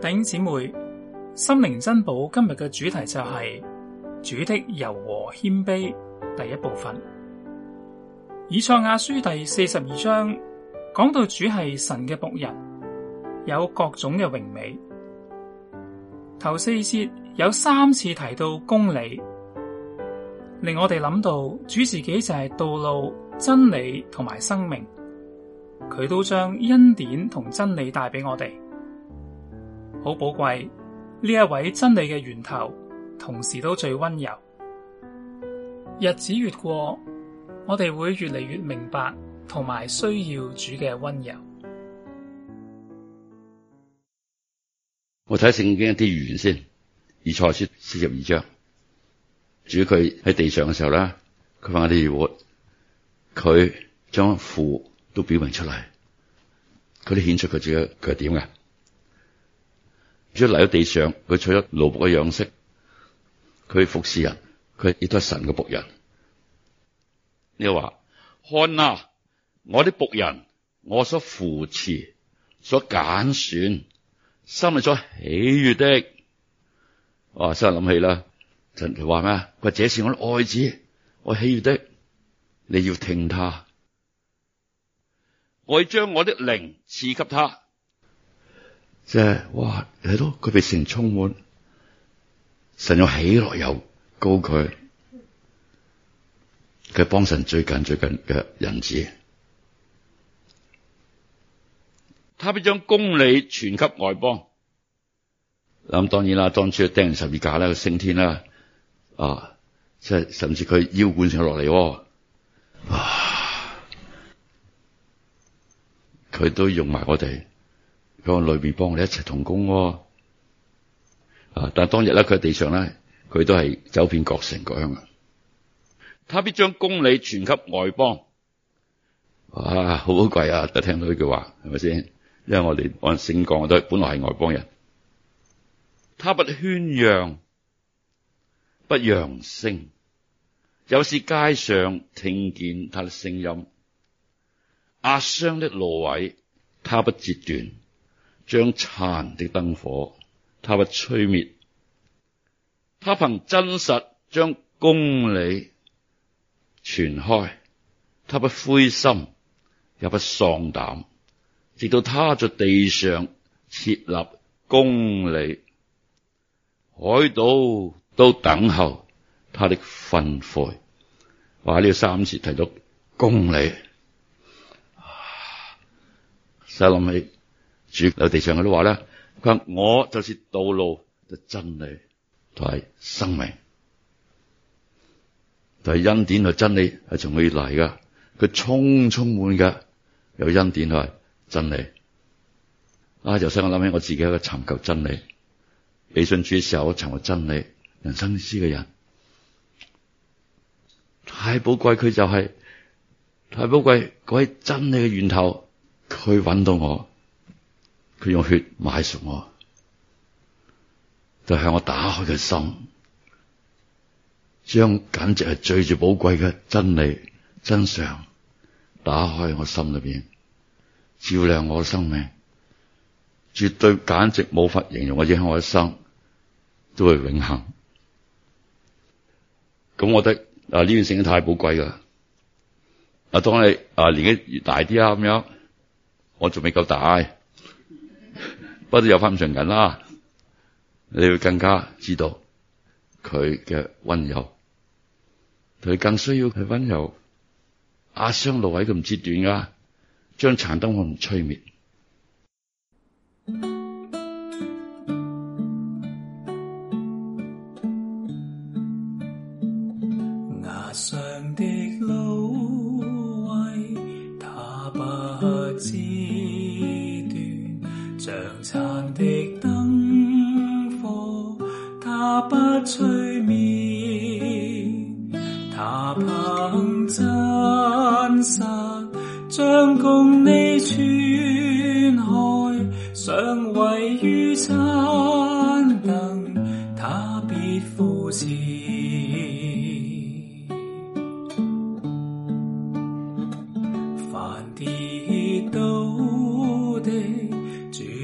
弟兄姊妹，心靈珍寶今日嘅主題就係主的柔和謙卑，第一部分。以賽亞書第四十二章講到主係神嘅僕人，有各種嘅榮美。頭四節有三次提到公理，令我哋諗到主自己就係道路、真理同埋生命，佢都將恩典同真理帶畀我哋。好寶貴呢一位真理嘅源頭，同時都最温柔。日子越過，我哋會越嚟越明白，同埋需要主嘅温柔。我睇聖經一啲預言先，以賽書四十二章，主佢喺地上嘅時候咧，佢話我哋活，佢將父都表明出嚟，佢都顯出佢自己佢係點嘅。如果嚟到地上，佢取咗奴僕嘅樣式，佢服侍人，佢亦都係神嘅僕人。你話，看啊，我啲僕人，我所扶持、所揀選、心裡所喜悦的，啊，真係諗起啦。神話咩？佢話這是我的愛子，我喜悦的，你要聽他，我要將我的靈賜給他。即係哇，睇到佢被神充滿，神有起樂又高。佢，佢幫神最近最近嘅人子，他必將公理傳給外邦。咁當然啦，當初釘十字架咧，升天啦，啊，即係甚至佢腰管上落嚟，喎、啊。佢都用埋我哋。佢喺裏邊幫我哋一齊同工，啊！但係當日咧，佢喺地上咧，佢都係走遍各城各鄉啊。他，他必將公理傳給外邦。貴啊，好貴啊！就聽到呢句話，係咪先？因為我哋按聖經都本來係外邦人。他不喧嚷，不揚聲，有時街上聽見他嘅聲音，壓傷的蘆葦，他不折斷。將殘的燈火，他不吹滅；他憑真實將公理傳開，他不灰心，也不喪膽，直到他在地上設立公理，海島都等候他的訓誨。話呢三次提到公理，再、啊、諗起。主有地上佢都話咧，佢話我就是道路，就真理，同埋生命，同係恩典，係真理未，係從佢嚟噶。佢充充滿噶，有恩典同係真理。啊！由細我諗起，我自己一個尋求真理、迷信主嘅時候，我尋求真理，人生思嘅人太寶貴，就是，佢就係太寶貴，嗰啲真理嘅源頭，佢搵到我。佢用血買贖我，就向我打開嘅心，將簡直係最最寶貴嘅真理真相打開我心裏邊，照亮我嘅生命，絕對簡直冇法形容影響我一生，都會永恒。咁我覺得啊，呢件聖經太寶貴㗎。啊，當你啊年紀越大啲啊咁樣，我仲未夠大。不知有犯上緊啦，你要更加知道佢嘅溫柔，佢更需要佢溫柔，阿、啊、壓傷蘆葦佢唔折斷噶將殘燈火唔吹滅。牙上將殘的燈火，它不吹滅，它憑真實，將公理傳開。傷葦與殘燈，它必扶持。